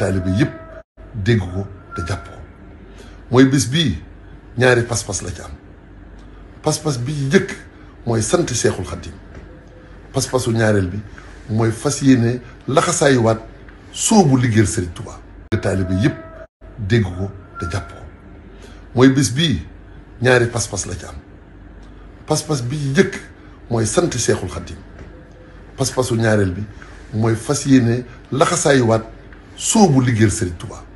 taalibe yëpp dégg ko te jàpp ko mooy bis bii ñaari pas-pas la ci am pas-pas bi njëkk mooy sant Seexul Xadiim pas-pasu ñaareel bi mooy fas yéene laxasaayuwaat soobu liggéeyal Serigne Touba. taalibe yëpp dégg ko te jàpp ko mooy bis bii ñaari pas-pas la ci am pas-pas bi njëkk mooy sant Seexul Xadiim pas-pasu ñaareel bi mooy fas yéene laxasaayuwaat. soobu liggéeyal Serigne Touba